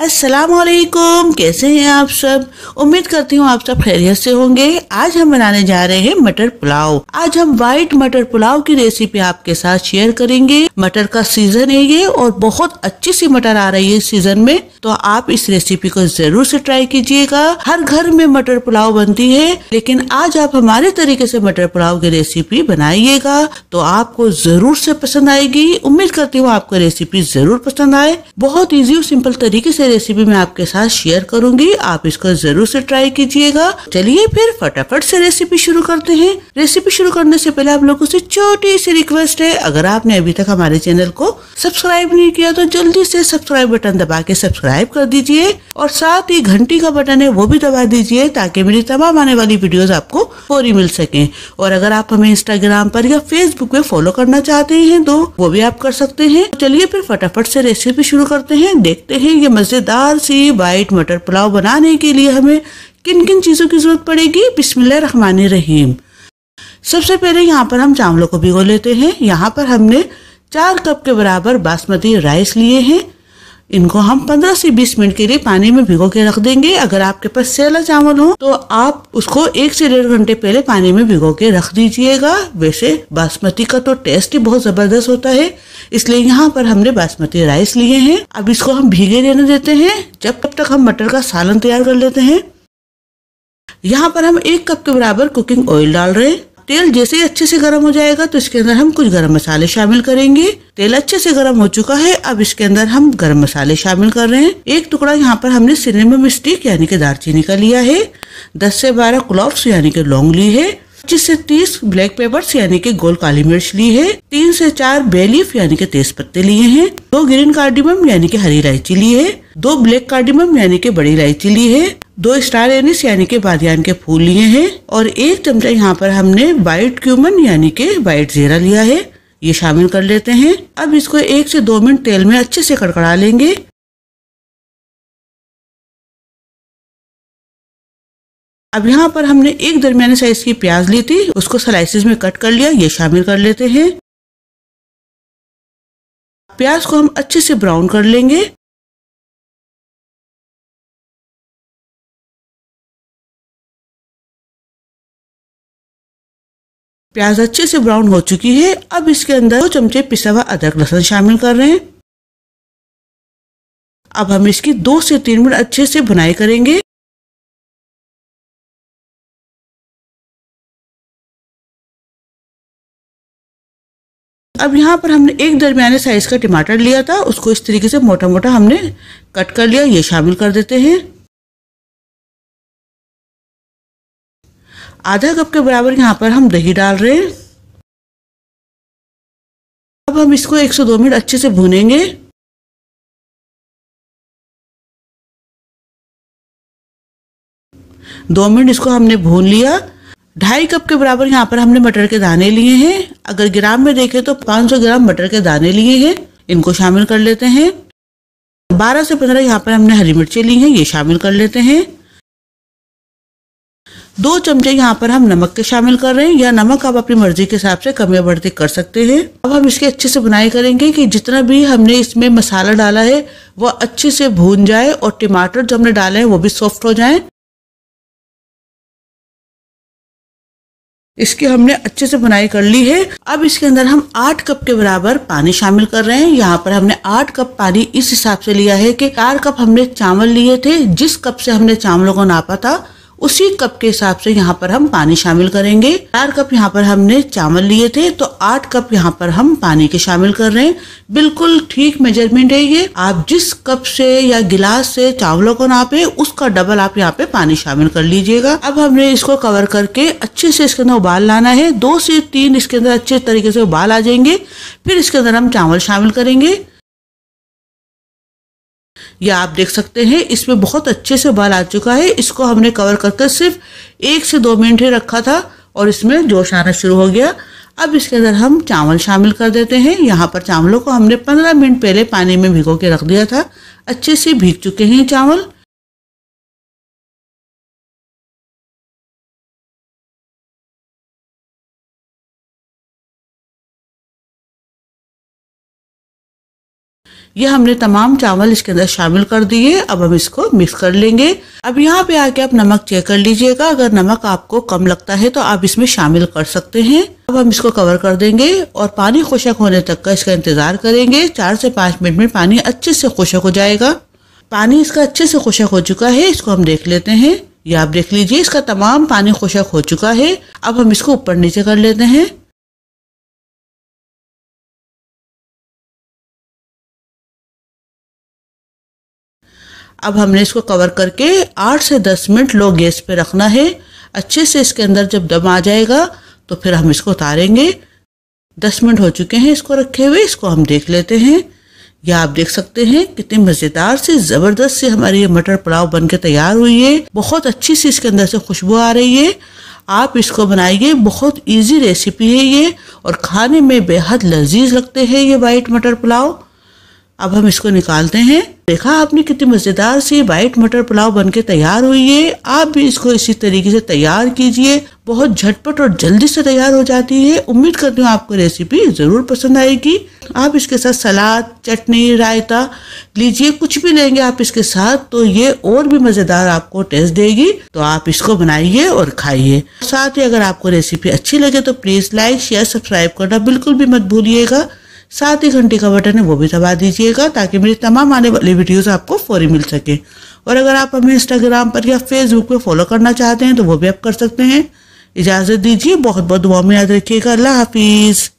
असलकुम कैसे हैं आप सब उम्मीद करती हूँ आप सब खैरियत से होंगे आज हम बनाने जा रहे हैं मटर पुलाव आज हम व्हाइट मटर पुलाव की रेसिपी आपके साथ शेयर करेंगे मटर का सीजन है ये और बहुत अच्छी सी मटर आ रही है सीजन में तो आप इस रेसिपी को जरूर से ट्राई कीजिएगा हर घर में मटर पुलाव बनती है लेकिन आज आप हमारे तरीके से मटर पुलाव की रेसिपी बनाइएगा तो आपको जरूर से पसंद आएगी उम्मीद करती हूँ आपको रेसिपी जरूर पसंद आए बहुत इजी और सिंपल तरीके से रेसिपी मैं आपके साथ शेयर करूंगी आप इसको जरूर से ट्राई कीजिएगा चलिए फिर फटाफट से रेसिपी शुरू करते हैं रेसिपी शुरू करने से पहले आप लोगों से छोटी सी रिक्वेस्ट है अगर आपने अभी तक हमारे चैनल को सब्सक्राइब नहीं किया तो जल्दी से सब्सक्राइब बटन दबा के सब्सक्राइब सब्सक्राइब कर दीजिए और साथ ही घंटी का बटन है वो भी दबा दीजिए ताकि मेरी तमाम आने वाली वीडियोस आपको फोरी मिल सके और अगर आप हमें इंस्टाग्राम पर या फेसबुक पे फॉलो करना चाहते हैं तो वो भी आप कर सकते हैं तो चलिए फिर फटाफट से रेसिपी शुरू करते हैं देखते हैं ये मजेदार सी वाइट मटर पुलाव बनाने के लिए हमें किन किन चीजों की जरूरत पड़ेगी बिस्मिल्लाह रहमान रहीम सबसे पहले यहाँ पर हम चावलों को भिगो लेते हैं यहाँ पर हमने चार कप के बराबर बासमती राइस लिए हैं इनको हम 15 से 20 मिनट के लिए पानी में भिगो के रख देंगे अगर आपके पास सेला चावल हो तो आप उसको एक से डेढ़ घंटे पहले पानी में भिगो के रख दीजिएगा वैसे बासमती का तो टेस्ट ही बहुत जबरदस्त होता है इसलिए यहाँ पर हमने बासमती राइस लिए हैं अब इसको हम भीगे रहने देते हैं जब तब तक हम मटर का सालन तैयार कर लेते हैं यहाँ पर हम एक कप के बराबर कुकिंग ऑयल डाल रहे हैं तेल जैसे ही अच्छे से गर्म हो जाएगा तो इसके अंदर हम कुछ गर्म मसाले शामिल करेंगे तेल अच्छे से गर्म हो चुका है अब इसके अंदर हम गर्म मसाले शामिल कर रहे हैं एक टुकड़ा यहाँ पर हमने सिनेमम स्टिक यानी कि दालचीनी का लिया है दस से बारह क्लॉव्स यानी कि लौंग ली है पच्चीस से तीस ब्लैक पेपर्स यानी कि गोल काली मिर्च ली है तीन से चार बेलीफ यानी कि तेज पत्ते लिए हैं दो ग्रीन कार्डिमम यानी कि हरी इलायची ली है दो ब्लैक कार्डिमम यानी कि बड़ी इलायची ली है दो स्टार एनिस यानी कि बादियान के फूल लिए हैं और एक चमचा यहाँ पर हमने वाइट क्यूमन यानी कि वाइट जीरा लिया है ये शामिल कर लेते हैं अब इसको एक से दो मिनट तेल में अच्छे से कड़कड़ा लेंगे अब यहाँ पर हमने एक दरमियाने साइज की प्याज ली थी उसको स्लाइसिस में कट कर लिया ये शामिल कर लेते हैं प्याज को हम अच्छे से ब्राउन कर लेंगे प्याज अच्छे से ब्राउन हो चुकी है अब इसके अंदर दो चमचे पिसा हुआ अदरक लहसुन शामिल कर रहे हैं अब हम इसकी दो से तीन मिनट अच्छे से बुनाई करेंगे अब यहाँ पर हमने एक दरमियाने साइज का टमाटर लिया था उसको इस तरीके से मोटा मोटा हमने कट कर लिया ये शामिल कर देते हैं आधा कप के बराबर यहाँ पर हम दही डाल रहे हैं अब हम इसको 102 मिनट अच्छे से भूनेंगे दो मिनट इसको हमने भून लिया ढाई कप के बराबर यहाँ पर हमने मटर के दाने लिए हैं अगर ग्राम में देखें तो 500 ग्राम मटर के दाने लिए हैं इनको शामिल कर लेते हैं 12 से 15 यहाँ पर हमने हरी मिर्चें ली हैं ये शामिल कर लेते हैं दो चमचे यहाँ पर हम नमक के शामिल कर रहे हैं या नमक आप अपनी मर्जी के हिसाब से कमी बढ़ती कर सकते हैं अब हम इसकी अच्छे से बुनाई करेंगे कि जितना भी हमने इसमें मसाला डाला है वह अच्छे से भून जाए और टमाटर जो हमने डाले हैं वो भी सॉफ्ट हो जाए इसकी हमने अच्छे से बुनाई कर ली है अब इसके अंदर हम आठ कप के बराबर पानी शामिल कर रहे हैं यहाँ पर हमने आठ कप पानी इस हिसाब से लिया है कि चार कप हमने चावल लिए थे जिस कप से हमने चावलों को नापा था उसी कप के हिसाब से यहाँ पर हम पानी शामिल करेंगे चार कप यहाँ पर हमने चावल लिए थे तो आठ कप यहाँ पर हम पानी के शामिल कर रहे हैं बिल्कुल ठीक मेजरमेंट है ये आप जिस कप से या गिलास से चावलों को नापे उसका डबल आप यहाँ पे पानी शामिल कर लीजिएगा अब हमने इसको कवर करके अच्छे से इसके अंदर उबाल लाना है दो से तीन इसके अंदर अच्छे तरीके से उबाल आ जाएंगे फिर इसके अंदर हम चावल शामिल करेंगे ये आप देख सकते हैं इसमें बहुत अच्छे से बाल आ चुका है इसको हमने कवर करके सिर्फ एक से दो मिनट ही रखा था और इसमें जोश आना शुरू हो गया अब इसके अंदर हम चावल शामिल कर देते हैं यहाँ पर चावलों को हमने 15 मिनट पहले पानी में भिगो के रख दिया था अच्छे से भीग चुके हैं चावल ये हमने तमाम चावल इसके अंदर शामिल कर दिए अब हम इसको मिक्स कर लेंगे अब यहाँ पे आके आप नमक चेक कर लीजिएगा अगर नमक आपको कम लगता है तो आप इसमें शामिल कर सकते हैं अब हम इसको कवर कर देंगे और पानी खुशक होने तक का इसका इंतजार करेंगे चार से पाँच मिनट में पानी अच्छे से खुशक हो जाएगा पानी इसका अच्छे से खुशक हो चुका है इसको हम देख लेते हैं ये आप देख लीजिए इसका तमाम पानी खुशक हो चुका है अब हम इसको ऊपर नीचे कर लेते हैं अब हमने इसको कवर करके आठ से दस मिनट लो गैस पे रखना है अच्छे से इसके अंदर जब दम आ जाएगा तो फिर हम इसको उतारेंगे दस मिनट हो चुके हैं इसको रखे हुए इसको हम देख लेते हैं या आप देख सकते हैं कितने मज़ेदार से ज़बरदस्त से हमारी ये मटर पुलाव बन के तैयार हुई है बहुत अच्छी सी इसके अंदर से खुशबू आ रही है आप इसको बनाइए बहुत इजी रेसिपी है ये और खाने में बेहद लजीज लगते हैं ये वाइट मटर पुलाव अब हम इसको निकालते हैं देखा आपने कितनी मजेदार सी वाइट मटर पुलाव बनके तैयार हुई है आप भी इसको इसी तरीके से तैयार कीजिए बहुत झटपट और जल्दी से तैयार हो जाती है उम्मीद करती हूँ आपको रेसिपी जरूर पसंद आएगी आप इसके साथ सलाद चटनी रायता लीजिए कुछ भी लेंगे आप इसके साथ तो ये और भी मजेदार आपको टेस्ट देगी तो आप इसको बनाइए और खाइए साथ ही अगर आपको रेसिपी अच्छी लगे तो प्लीज लाइक शेयर सब्सक्राइब करना बिल्कुल भी मत भूलिएगा साथ ही घंटे का बटन है वो भी दबा दीजिएगा ताकि मेरी तमाम आने वाली वीडियोस आपको फौरी मिल सके और अगर आप हमें इंस्टाग्राम पर या फेसबुक पर फॉलो करना चाहते हैं तो वो भी आप कर सकते हैं इजाज़त दीजिए बहुत बहुत दुआ में याद रखिएगा अल्लाह हाफिज़